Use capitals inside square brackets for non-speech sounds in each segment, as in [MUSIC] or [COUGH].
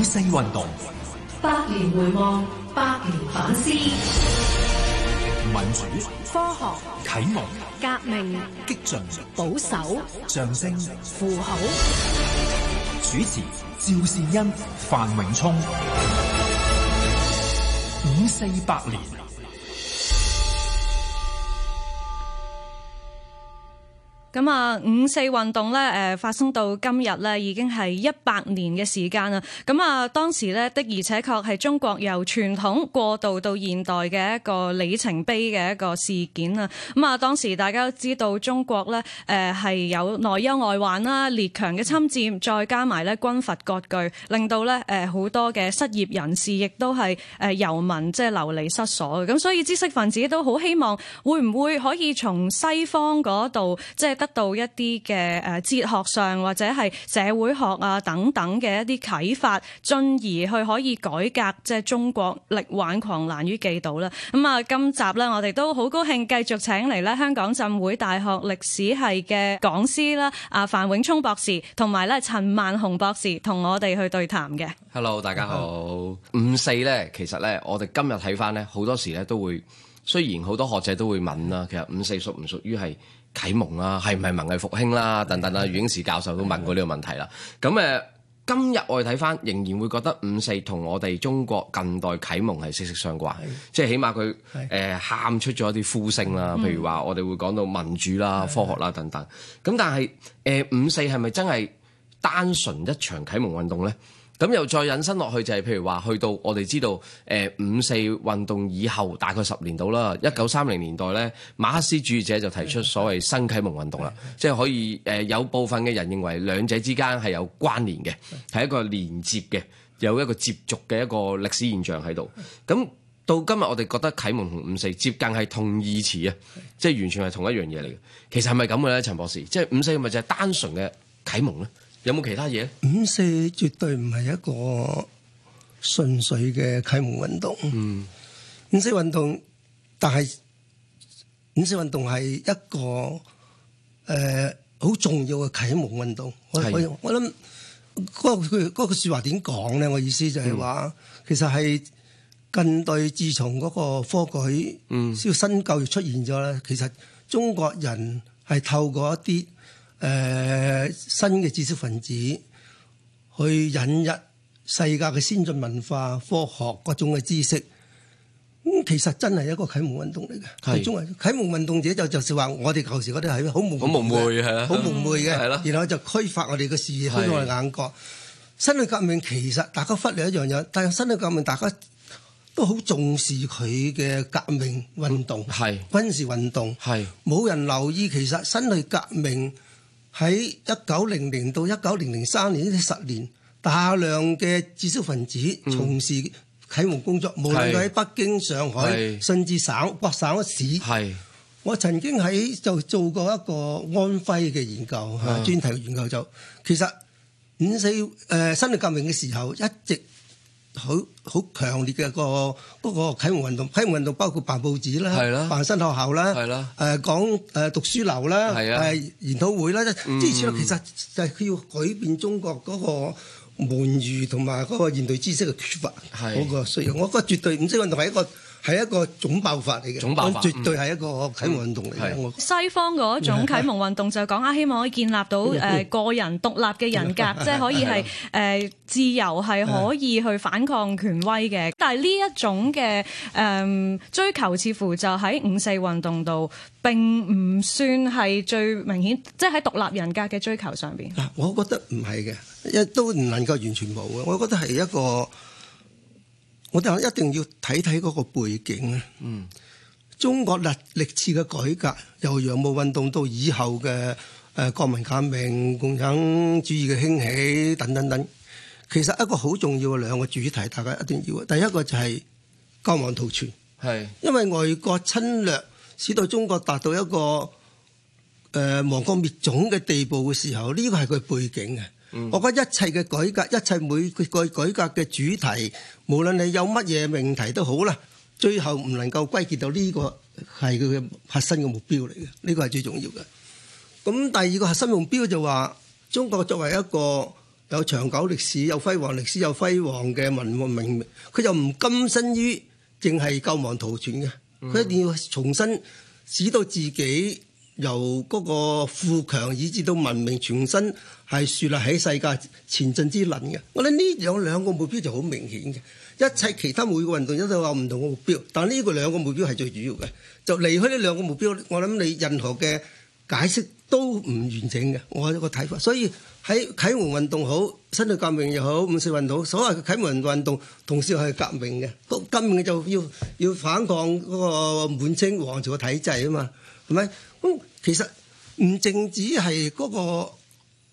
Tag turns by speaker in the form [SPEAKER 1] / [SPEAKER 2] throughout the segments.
[SPEAKER 1] 五四運動，
[SPEAKER 2] 百年回望，百年反思。
[SPEAKER 3] 民主、科學、啟蒙、
[SPEAKER 2] 革命、
[SPEAKER 3] 激進進、
[SPEAKER 2] 保守、
[SPEAKER 3] 象徵徵、
[SPEAKER 2] 符號。
[SPEAKER 3] 主持：
[SPEAKER 2] 趙善恩、
[SPEAKER 3] 范永聰。五四百年。
[SPEAKER 2] 咁啊，五四運動咧，誒發生到今日咧，已經係一百年嘅時間啦。咁啊，當時咧的而且確係中國由傳統過渡到現代嘅一個里程碑嘅一個事件啊。咁啊，當時大家都知道中國咧，誒係有內憂外患啦，列強嘅侵佔，再加埋咧軍閥割，割據，令到咧誒好多嘅失業人士，亦都係誒遊民，即係流離失所嘅。咁所以知識分子都好希望，會唔會可以從西方嗰度，即係得到一啲嘅誒哲學上或者係社會學啊等等嘅一啲啟發，進而去可以改革，即係中國力挽狂瀾於既倒啦。咁啊，今集咧，我哋都好高興繼續請嚟咧香港浸會大學歷史系嘅講師啦，阿范永聰博士同埋咧陳萬雄博士同我哋去對談嘅。
[SPEAKER 1] Hello，大家好。Hello. 五四咧，其實咧，我哋今日睇返咧，好多時咧都會。雖然好多學者都會問啦，其實五四屬唔屬於係啟蒙啦、啊，係唔係文藝復興啦、啊、等等啦，余英時教授都問過呢個問題啦。咁誒， [MUSIC] 今日我哋睇翻，仍然會覺得五四同我哋中國近代啟蒙係息息相關， [MUSIC] 即係起碼佢誒、 [MUSIC] 呃、喊出咗一啲呼聲啦，譬如話我哋會講到民主啦、 [MUSIC] 科學啦等等。咁但係誒、呃、五四係咪真係單純一場啟蒙運動咧？咁又再引申落去就係，譬如話去到我哋知道，誒、呃、五四運動以後大概十年到啦，一九三零年代咧，馬克思主義者就提出所謂新啟蒙運動啦，嗯、即係可以誒、呃、有部分嘅人認為兩者之間係有關聯嘅，係、嗯、一個連接嘅，有一個接觸嘅一個歷史現象喺度。咁、嗯、到今日我哋覺得啟蒙同五四接近係同義詞啊，嗯、即係完全係同一樣嘢嚟嘅。其實係咪咁嘅咧，陳博士？即係五四係咪就係單純嘅啟蒙咧？有冇其他嘢？
[SPEAKER 3] 五四絕對唔係一個純粹嘅啟蒙運動。嗯、五四運動，五四運動，但係五四運動係一個誒好、呃、重要嘅啟蒙運動。我的我諗嗰、嗰個嗰、嗰個、嗰個、話說話點講咧？我意思就係話，嗯、其實係近代自從嗰個科舉嗯、需要新教育出現咗咧，其實中國人係透過一啲。呃、新的知識分子，去引入世界的先進文化、科學、各種知識，其實真的是一個啟蒙運動。啟蒙運動者就就是說，我們舊時嗰啲是很蒙昧喺一九零零到一九零零三年呢十年，大量嘅知識分子從事啟蒙工作，嗯、無論佢喺北京、上海，是甚至省各省市。係是我曾經喺就做，做過一個安徽嘅研究，專、啊、題研究做。嗯、其實五四誒、呃、新民主革命嘅時候一直。好好強烈嘅個嗰個啟蒙運動，啟蒙運動包括辦報紙啦，啊、辦新學校啦，誒講誒讀書樓啦，誒、啊、研討會啦，支持咯。其實就係佢要改變中國嗰個悶愚同埋嗰個現代知識嘅缺乏，嗰、啊、個需要。啊、我覺得絕對五四運動係一個。係一個總爆發嚟嘅，總爆發絕對係一個啟蒙運動嚟嘅。嗯、
[SPEAKER 2] 西方嗰種啟蒙運動就講啊，希望可以建立到誒個人獨立嘅人格，即係、嗯、可以係誒自由，係可以去反抗權威嘅。嗯、但係呢一種嘅誒、嗯、追求，似乎就喺五四運動度並唔算係最明顯，即係喺獨立人格嘅追求上邊。
[SPEAKER 3] 嗱，我覺得唔係嘅，一都唔能夠完全冇嘅。我覺得係一個。我哋一定要睇睇嗰個背景咧。嗯，中國歷歷次嘅改革，由洋務運動到以後嘅誒、呃、國民革命、共產主義嘅興起等等等，其實一個好重要嘅兩個主題，大家一定要。第一個就係救亡圖存，係是因為外國侵略使到中國達到一個誒、呃、亡國滅種嘅地步嘅時候，呢個係佢背景嘅。我覺得一切嘅改革，一切每個改革嘅主題，無論你有乜嘢命題都好啦，最後唔能夠歸結到呢個係佢嘅核心嘅目標嚟嘅，呢個係最重要嘅。咁第二個核心目標就話、是，中國作為一個有長久歷史、有輝煌歷史、有輝煌嘅文明，佢就唔甘身於淨係救亡圖存嘅，佢一定要重新使到自己。由嗰個富強以至到文明，全身係樹立喺世界前進之林嘅。我諗呢有兩個目標就好明顯嘅。一切其他每個運動一都有唔同嘅目標，但呢個兩個目標係最主要嘅。就離開呢兩個目標，我諗你任何嘅解釋都唔完整嘅。我有個睇法。所以喺啟蒙運動好，辛亥革命又好，五四運動，所謂嘅啟蒙運動，同時係革命嘅。革命就要要反抗嗰個滿清王朝嘅體制啊嘛，係咪？咁其實唔淨止係嗰個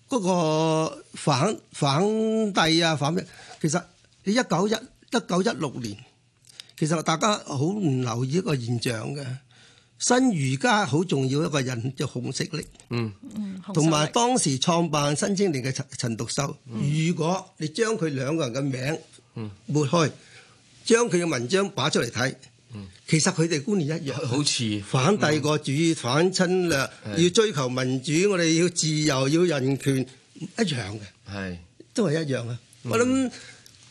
[SPEAKER 3] 嗰個反反帝啊反咩？其實喺一九一一九一六年，其實大家好唔留意一個現象嘅，新儒家好重要一個人就熊十力，嗯，同埋當時創辦新《新青年》嘅陳陳獨秀。如果你將佢兩個人嘅名抹開，將佢嘅文章擺出嚟睇。其實佢哋觀念一樣，好似嗯、反帝國主義，反侵略，是要追求民主，我哋要自由，要人權，一樣嘅，
[SPEAKER 1] 係
[SPEAKER 3] 是都係一樣啊！嗯、我諗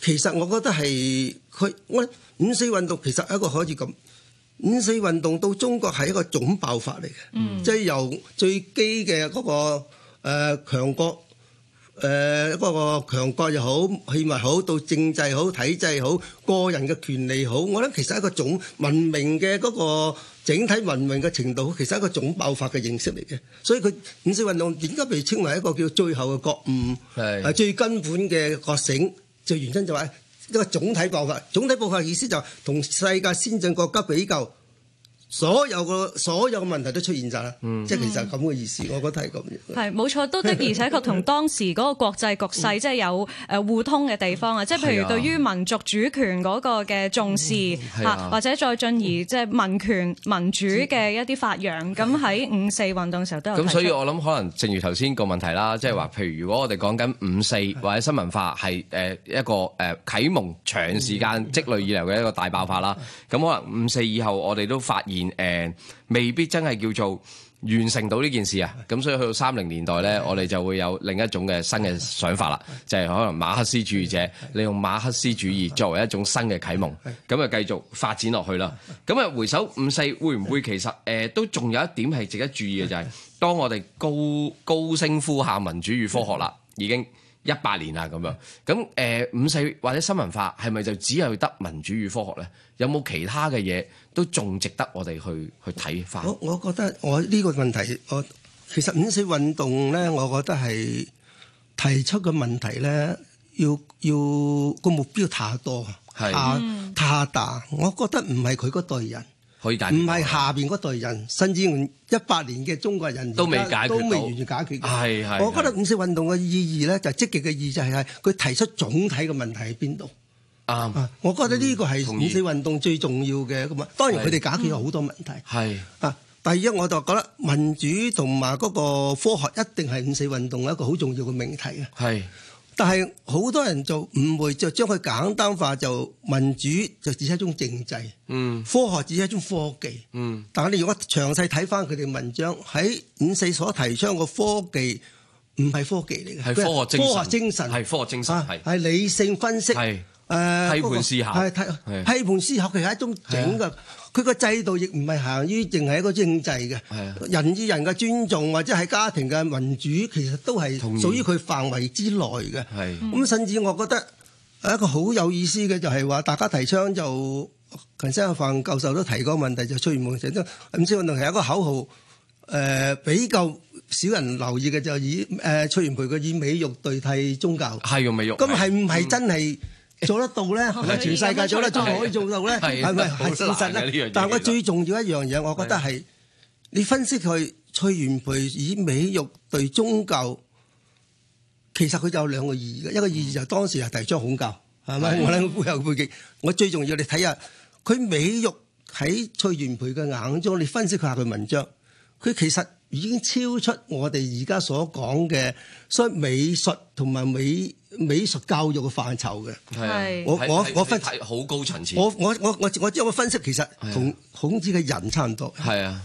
[SPEAKER 3] 其實我覺得係佢我五四運動其實一個可以咁，五四運動到中國係一個總爆發嚟嘅。即係、嗯、由最基嘅嗰、那個誒、呃、強國。誒嗰、呃、個強國又好，氣氛好，到政制好、體制好、個人嘅權利好，我覺得其實係一個總文明嘅嗰、那個整體文明嘅程度，其實係一個總爆發嘅形式嚟嘅。所以佢五四運動點解被稱為一個叫最後嘅覺悟，係是、啊、最根本嘅覺醒，最原因就話一個總體爆發，總體爆發意思就同世界先進國家比較。所有嘅所有嘅問題都出現晒啦，嗯、即係其實係咁嘅意思，嗯、我覺得係咁。係
[SPEAKER 2] 冇錯，都的而且確同當時嗰個國際局勢即係有誒互通嘅地方啊，嗯、即係譬如對於民族主權嗰個嘅重視嚇，嗯、或者再進而即係民權民主嘅一啲發揚，咁喺對五四運動時候都有。咁、嗯、所以
[SPEAKER 1] 我諗可能正如頭先個問題啦，即係話譬如如果我哋講緊五四或者新文化係誒一個誒啟蒙，長時間積累以嚟嘅一個大爆發啦，咁可能五四以後我哋都發現。然、呃、未必真係叫做完成到呢件事啊！咁所以去到三零年代呢，的我哋就會有另一種嘅新嘅想法啦，就係、是、可能馬克思主義者的利用馬克思主義作為一種新嘅啟蒙，咁啊的繼續發展落去啦。咁啊回首五四，會唔會其實誒都仲有一點係值得注意嘅就係、是，當我哋高高聲呼喊民主與科學啦，的已經一百年啊，咁樣，咁誒、呃、五四或者新文化係咪就只有得民主與科學咧？有冇其他嘅嘢都仲值得我哋去去睇翻？我
[SPEAKER 3] 我覺得我呢個問題，我其實五四運動咧，我覺得係提出嘅問題咧，要要個目標太多，太太大，我覺得唔係佢嗰代人。唔係下邊嗰代人，甚至於一百年嘅中國人，都未解決到，都未完全解決嘅。係係，我覺得五四運動嘅意義咧，就係、積極嘅意義係佢、就係、提出總體嘅問題喺邊度。啱、嗯，我覺得呢個係五四運動最重要嘅咁啊。意當然佢哋解決咗好多問題。係啊，嗯、第一我就覺得民主同埋嗰個科學一定係五四運動一個好重要嘅命題嘅。係。但係好多人就誤會，就將佢簡單化，就民主就只係一種政制，嗯，科學只係一種科技，嗯。但係你如果詳細睇翻佢哋文章，喺五四所提倡個科技唔係科技嚟嘅，係科學精神，科學精神係科學精神，係理性分析，係誒批判思考，係批批判思考，其實係一種整嘅。佢個制度亦唔係行於淨係一個政制嘅，啊、人與人嘅尊重或者係家庭嘅民主，其實都係屬於佢範圍之內嘅。咁意、嗯、甚至我覺得係一個好有意思嘅，就係話大家提倡就陳生阿範教授都提過問題，就崔元培，即係五四運動係一個口號，誒比較少人留意嘅就以誒崔元培嘅以美育代替宗教，係用美育，咁係唔係真係？嗯做得到咧，係咪全世界做得仲可以做到咧？係咪係事實咧？但係我最重要一樣嘢，我覺得係你分析佢蔡元培以美育對宗教，其實佢有兩個意義。一個意義就當時係提倡孔教，係咪、嗯？我兩個背後背景，我最重要你睇下，佢美育喺蔡元培嘅眼中，你分析佢下佢文章，佢其實。已經超出我哋而家所講嘅，所以美術同埋美美術教育嘅範疇嘅。係，
[SPEAKER 1] 我我我分析好高層次。我
[SPEAKER 3] 我我我我即係我分析，其實同孔子嘅人差唔多。
[SPEAKER 1] 係啊，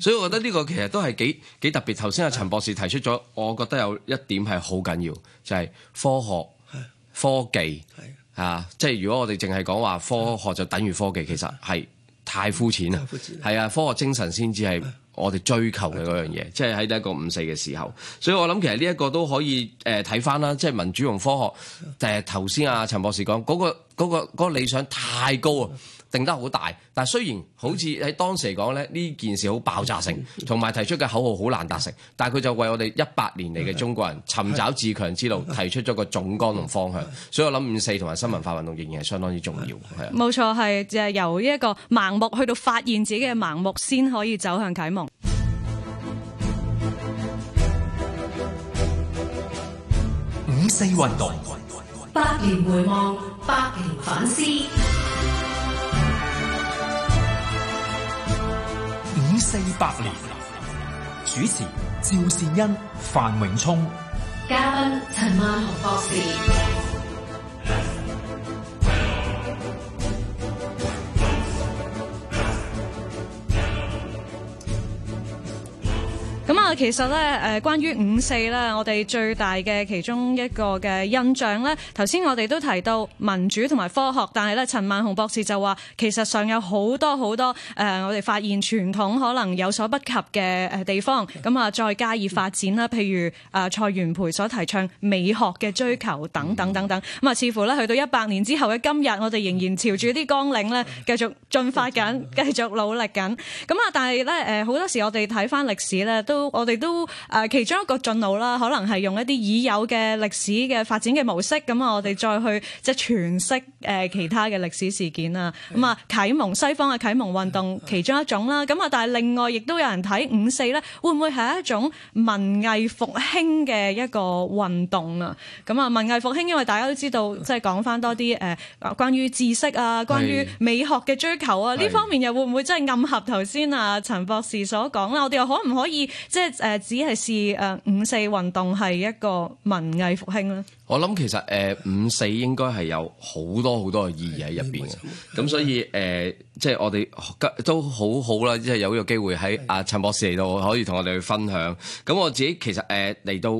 [SPEAKER 1] 所以我覺得呢個其實都係幾幾特別。頭先阿陳博士提出咗，我覺得有一點係好緊要，就係科學、科技啊。即係如果我哋淨係講話科學就等於科技，其實係太膚淺啦，膚淺。係啊，科學精神先至係。我哋追求嘅嗰樣嘢，即係喺第一個五四嘅時候，所以我諗其實呢一個都可以誒睇翻啦，即係民主同科學誒頭先阿陳博士講嗰個嗰個嗰個理想太高啊。定得好大，但係雖然好似喺當時嚟講咧，呢件事好爆炸性，同埋提出嘅口號好難達成，但係佢就為我哋一百年嚟嘅中國人尋找自強之路，提出咗個總綱同方向。所以我諗五四同埋新文化運動仍然係相當之重要，係啊，
[SPEAKER 2] 冇錯係，就係由呢一個盲目去到發現自己嘅盲目，先可以走向啟蒙。
[SPEAKER 1] 五四運動，
[SPEAKER 2] 百年回望，百年反思。
[SPEAKER 3] 四百年，主持趙善恩、范永聰，
[SPEAKER 2] 嘉賓陳萬雄博士。其實咧，誒，關於五四咧，我哋最大嘅其中一個嘅印象咧，頭先我哋都提到民主同埋科學，但係咧，陳萬雄博士就話，其實上有好多好多，誒，我哋發現傳統可能有所不及嘅誒地方，咁啊，再加以發展啦，譬如啊，蔡元培所提倡美學嘅追求等等等等，咁啊，似乎咧去到一百年之後嘅今日，我哋仍然朝住啲綱領咧繼續進發緊，繼續努力緊，咁啊，但係咧，誒，好多時我哋睇翻歷史咧都。我哋都誒、呃、其中一個進路啦，可能係用一啲已有嘅歷史嘅發展嘅模式，咁啊，我哋再去即係詮釋誒其他嘅歷史事件啊。咁啊、嗯，啟蒙，西方嘅啟蒙運動其中一種啦。咁啊，但係另外亦都有人睇五四咧，會唔會係一種文藝復興嘅一個運動啊？咁、嗯、啊，文藝復興，因為大家都知道，即係講翻多啲誒、呃、關於知識啊，關於美學嘅追求啊，呢方面又會唔會真係暗合頭先啊陳博士所講啦？我哋又可唔可以即係。即誒、呃，只係視誒五四運動係一個文藝復興啦。
[SPEAKER 1] 我諗其實誒、呃、五四應該係有好多好多嘅意義喺入邊嘅。咁所以誒的、呃，即係我哋都好好啦，即係有呢個機會喺阿陳博士嚟到，可以同我哋去分享。咁我自己其實誒嚟、呃、到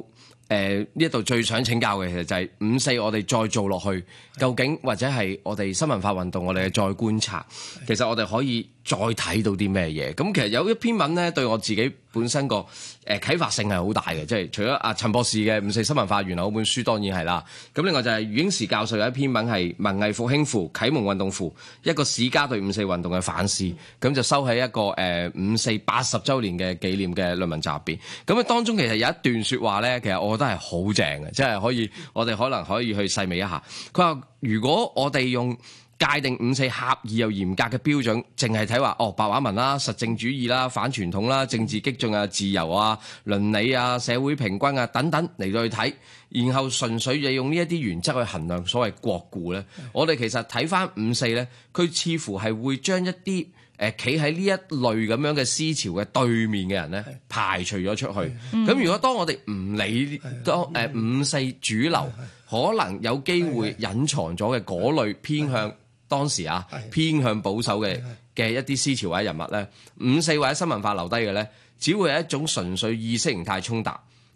[SPEAKER 1] 誒呢一度最想請教嘅，其實就係五四我哋再做落去，的究竟或者係我哋新文化運動，我哋再觀察，的其實我哋可以。再睇到啲咩嘢？咁其實有一篇文呢，對我自己本身個誒啟發性係好大嘅，即係除咗阿陳博士嘅《五四新文化源流》嗰本書當然係啦。咁另外就係余英時教授有一篇文係《文藝復興賦·啟蒙運動賦》，一個史家對五四運動嘅反思。咁就收喺一個誒、呃、五四八十週年嘅紀念嘅論文集入邊。咁啊，當中其實有一段説話呢，其實我覺得係好正嘅，即係可以我哋可能可以去細味一下。佢話：如果我哋用界定五四狹義又嚴格嘅標準，淨係睇話哦白話文啦、實證主義啦、反傳統啦、政治激進啊、自由啊、倫理啊、社會平均啊等等嚟到去睇，然後純粹就用呢一啲原則去衡量所謂國故咧。的我哋其實睇返五四咧，佢似乎係會將一啲誒企喺呢一類咁樣嘅思潮嘅對面嘅人咧的排除咗出去。咁的如果當我哋唔理當誒、呃、的五四主流的可能有機會隱藏咗嘅嗰類偏向。的當時啊，偏向保守嘅嘅一啲思潮或者人物咧，五四或者新文化留低嘅咧，只會係一種純粹意識形態衝突、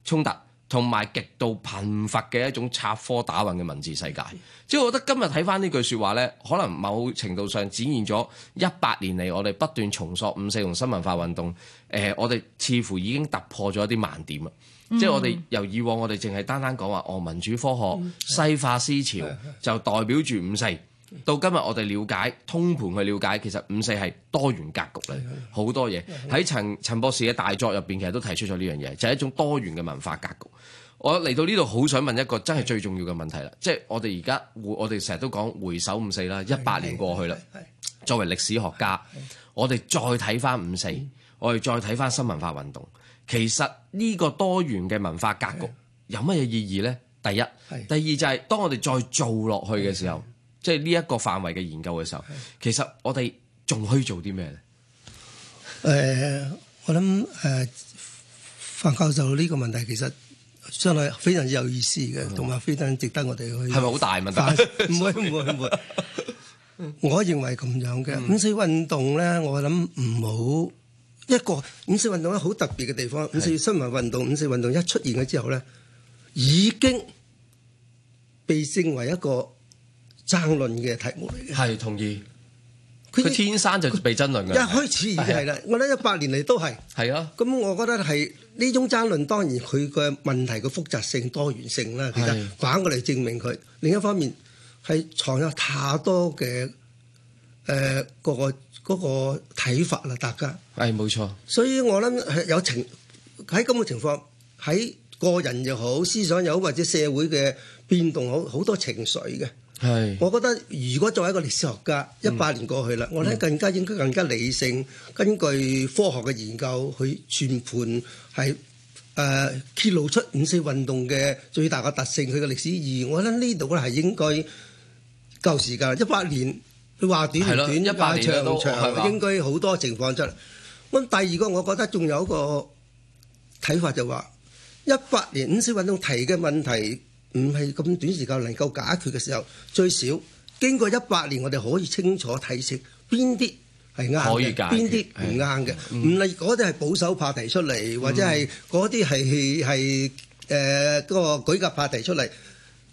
[SPEAKER 1] 衝突，同埋極度貧乏嘅一種插科打諢嘅文字世界。即係我覺得今日睇返呢句説話呢，可能某程度上展現咗一百年嚟我哋不斷重塑五四同新文化運動。誒、呃，我哋似乎已經突破咗一啲盲點啊！嗯、即係我哋由以往我哋淨係單單講話，哦民主科學西化思潮就代表住五四。到今日我哋了解通盤去了解，其實五四係多元格局咧，好多嘢喺陳陳博士嘅大作入邊其實都提出咗呢樣嘢，就係一種多元嘅文化格局。我嚟到呢度好想問一個真係最重要嘅問題啦，即係我哋而家我哋成日都講回首五四啦，一百年過去啦。作為歷史學家，我哋再睇翻五四，嗯，我哋再睇翻新文化運動，其實呢個多元嘅文化格局有乜嘢意義咧？第一，第二就係當我哋再做落去嘅時候。即係呢一個範圍嘅研究嘅時候，其實我哋仲可以做啲咩
[SPEAKER 3] 咧？誒，我諗誒，范教授呢個問題其實相對非常之有意思嘅，同埋非常值得我哋去。係咪好大
[SPEAKER 1] 問題？唔會唔會唔會。
[SPEAKER 3] 我認為咁樣嘅五四運動咧，我諗唔好一個五四運動咧好特別嘅地方。五四新文化運動、五四運動一出現咗之後咧，已經被稱為一個。爭論嘅題目嚟嘅，
[SPEAKER 1] 係同意佢天生就被
[SPEAKER 3] 爭論嘅。一開始已經係啦，的我諗一百年嚟都係係啊，咁的、嗯、我覺得係呢種爭論，當然佢嘅問題嘅複雜性、多元性啦。其實反過嚟證明佢另一方面係藏有太多嘅誒，呃那個、那個個睇法啦，大家係冇錯。錯，所以我諗有情喺咁嘅情況，喺個人又好，思想又好，或者社會嘅變動好好多情緒嘅。係，是我覺得如果作為一個歷史學家，一百、嗯、年過去啦，我哋更加應該更加理性，根據科學嘅研究去全盤，係誒、呃、揭露出五四運動嘅最大嘅特性，佢嘅歷史意義。我覺得呢度咧係應該夠時間，一百年佢話短短，一百的、呃、長長，都應該好多情況出嚟。咁的、嗯、第二個，我覺得仲有一個睇法就話、是，一百年，年五四運動提嘅問題。唔係咁短時間能夠解決嘅時候，最少經過一百年，我哋可以清楚睇清邊啲係啱嘅，邊啲唔啱嘅。唔係嗰啲係保守派提出嚟，或者係嗰啲係係誒嗰改革派提出嚟，嗯、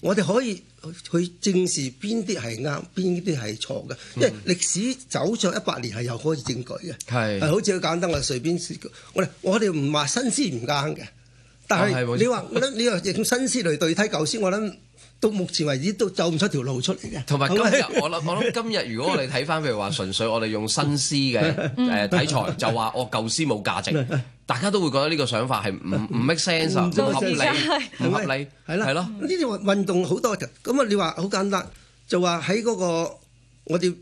[SPEAKER 3] 我哋可以去正視邊啲係啱，邊啲係錯嘅。因為、嗯、歷史走上一百年係有可以證據嘅，係是是好似好簡單嘅，隨便我哋我哋唔話新思唔啱嘅。但係你話我諗呢個用新詩嚟對替舊詩，我諗到目前為止都走唔出條路出嚟嘅。同埋今日我諗我諗
[SPEAKER 1] 今日如果我哋睇返譬如話純粹我哋用新詩嘅誒題材，就話我舊詩冇價值，大家都會覺得呢個想法係唔
[SPEAKER 3] 唔 make sense，唔合理，唔合理係啦係咯。呢啲運動好多嘅，咁啊你話好簡單，就話喺嗰個我哋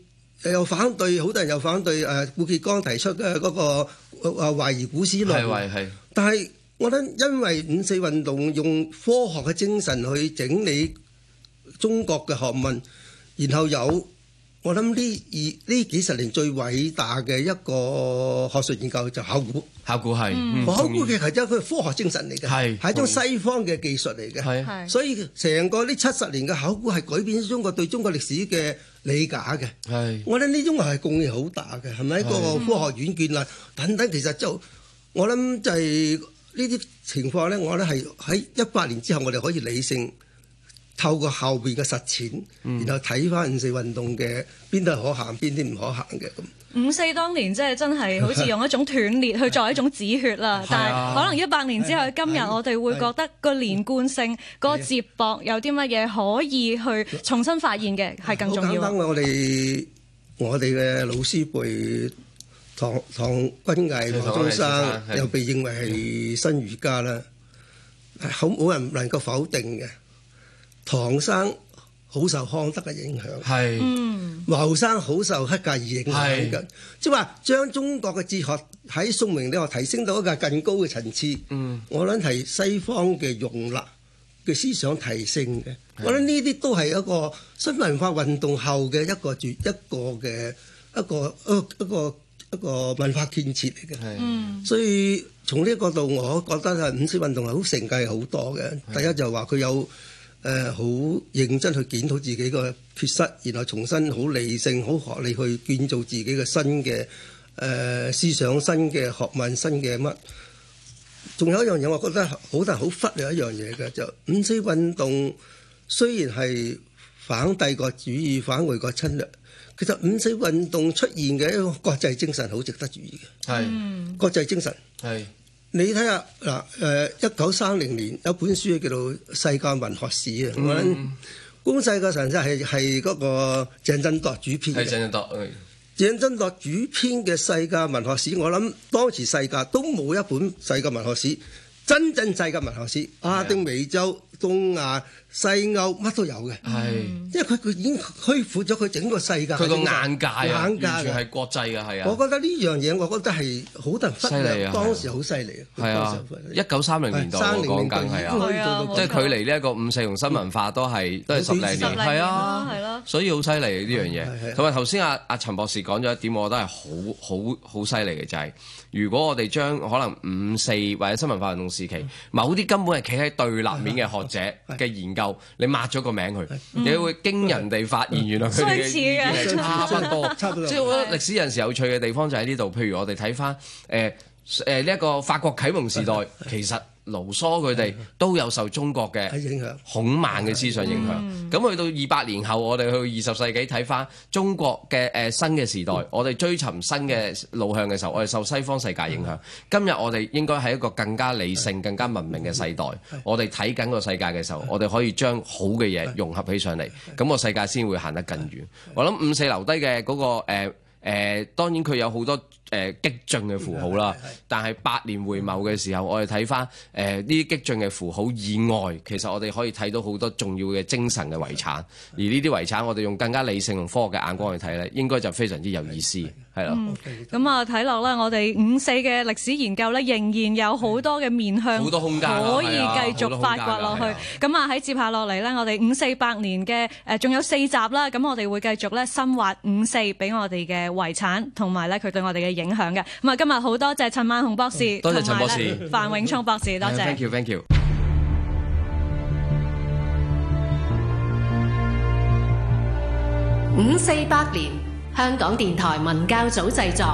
[SPEAKER 3] 又反對，好多人又反對誒顧頡剛提出嘅嗰個誒懷疑古史論，係係，但係。我諗，因為五四運動用科學嘅精神去整理中國嘅學問，然後有我諗呢二呢幾十年最偉大嘅一個學術研究就考古。考古係，考古其實係一個科學精神嚟嘅，係係一種西方嘅技術嚟嘅，係。所以成個呢七十年嘅考古係改變咗中國對中國歷史嘅理解嘅。係，我諗呢種係貢獻好大嘅，係咪？個科學院啊等等，其實就我諗就係。呢啲情況咧，我覺得係喺一百年之後，我哋可以理性透過後邊嘅實踐，嗯、然後睇翻五四運動嘅邊度可行，邊啲唔可行嘅
[SPEAKER 2] 咁。五四當年即係真係真係好似用一種斷裂去作一種止血啦， [LAUGHS] 是啊、但係可能一百年之後今日，我哋會覺得個連貫性、是啊、個接駁有啲乜嘢可以去重新發現嘅，係是、啊、更重要。 [LAUGHS] 好簡
[SPEAKER 3] 單，我哋我哋嘅老師輩。唐唐君毅、牟宗三又被認為係新儒家啦，好冇人能夠否定嘅。唐生好受康德嘅影響，嗯，牟生好受黑格爾影響嘅，即係話將中國嘅哲學喺宋明理學提升到一個更高嘅層次。我諗係西方嘅容納嘅思想提升嘅。我諗呢啲都係一個新文化運動後嘅一個絕一個嘅一個一個。一個文化建設嚟嘅，mm. 所以從呢個角度，我覺得係五四運動係好承繼好多嘅。第一就話佢有誒好、呃、認真去檢討自己個缺失，然後重新好理性、好學理去建造自己嘅新嘅誒、呃、思想新、新嘅學問新、新嘅乜。仲有一樣嘢，我覺得好多人好忽略一樣嘢嘅，就五四運動雖然係反帝國主義、反外國侵略。其實五四運動出現嘅一個國際精神好值得注意嘅，係是國際精神。係是你睇下嗱，誒、呃，一九三零年有本書叫做《世界文學史》啊，我諗、嗯，嗰、嗯、世界上就係係嗰個鄭振鐸主編。鄭振鐸，鄭振鐸主編嘅《世界文學史》，我諗當時世界都冇一本世界文學史。真正世界文學史，亞丁美洲、東亞、西歐乜都有嘅，因為佢佢已經開闊咗佢整個世界佢嘅眼界啊，完全係
[SPEAKER 1] 國際嘅係啊！我覺
[SPEAKER 3] 得呢樣嘢，我覺得係好得人犀利啊。當時好犀利啊！係啊，
[SPEAKER 1] 一九三零年代我講，係啊，即係距離呢一個五四同新文化都係都係十零年，係啊，係咯，所以好犀利呢樣嘢。同埋頭先阿阿陳博士講咗一點，我覺得係好好好犀利嘅，就係如果我哋將可能五四或者新文化運動，時期，某啲根本係企喺對立面嘅學者嘅研究，的你抹咗個名佢，的你會驚人地發現的原來佢嘅差唔多。即係我覺得歷史有時有趣嘅地方就喺呢度。譬如我哋睇返誒誒呢一個法國啟蒙時代，其實。盧梭佢哋都有受中國嘅影響，孔孟嘅思想影響。咁去、嗯、到二百年後，我哋去二十世紀睇翻中國嘅誒、呃、新嘅時代，我哋追尋新嘅路向嘅時候，我哋受西方世界影響。嗯、今日我哋應該係一個更加理性、嗯、更加文明嘅世代。嗯、我哋睇緊個世界嘅時候，我哋可以將好嘅嘢融合起上嚟，咁個世界先會行得更遠。嗯嗯、我諗五四留低嘅嗰、那個誒誒、呃呃，當然佢有好多。誒、呃、激進嘅符號啦，但係百年回眸嘅時候，我哋睇返誒呢啲激進嘅符號以外，其實我哋可以睇到好多重要嘅精神嘅遺產，而呢啲遺產我哋用更加理性同科學嘅眼光去睇咧，應該就非常之有意思。
[SPEAKER 2] [MUSIC] 嗯，咁啊睇落咧，我哋五四嘅歷史研究咧，仍然有好多嘅面向，好多空間可以繼續發掘落去。咁啊喺、哎啊、接下落嚟咧，我哋五四百年嘅誒，仲有四集啦。咁我哋會繼續咧深挖五四俾我哋嘅遺產同埋咧佢對我哋嘅影響嘅。咁啊，今日好多謝陳萬雄博士，多謝陳博士，范多謝 永聰博士，多謝。Thank you, thank you。五四百年。香港電台文教組製作。